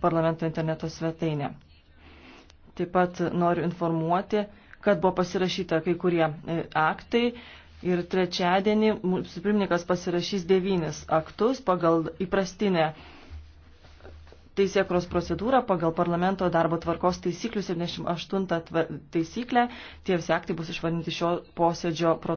parlamento interneto svetainę. Taip pat noriu informuoti, kad buvo pasirašyta kai kurie e, aktai ir trečiadienį mūsų pirmininkas pasirašys devynis aktus pagal įprastinę teisėkros procedūrą pagal parlamento darbo tvarkos taisyklių 78 taisyklę. Tie visi aktai bus išvardinti šio posėdžio protokolą.